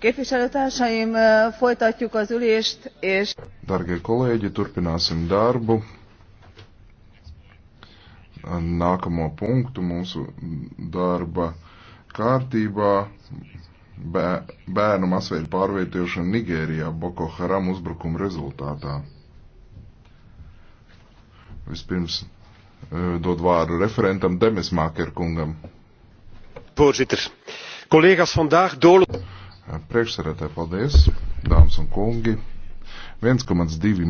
Képviselőtársaim, eh, folytatjuk az ülést, és... Dargie kolēģi, turpināsim darbu. Nākamo punktu mūsu darba kārtībā bērnu masveidu pārvietošana Nigērijā Boko Haram uzbrukuma rezultātā. Vispirms eh, dod vārdu referentam Demesmāker kungam. Voorzitter, collega's vandaag doorlopen. Priekšsarētāji, paldies, dāmas un kungi. 1,2